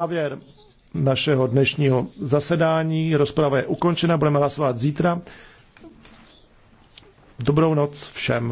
závěr našeho dnešního zasedání. Rozprava je ukončena, budeme hlasovat zítra. Dobrou noc všem.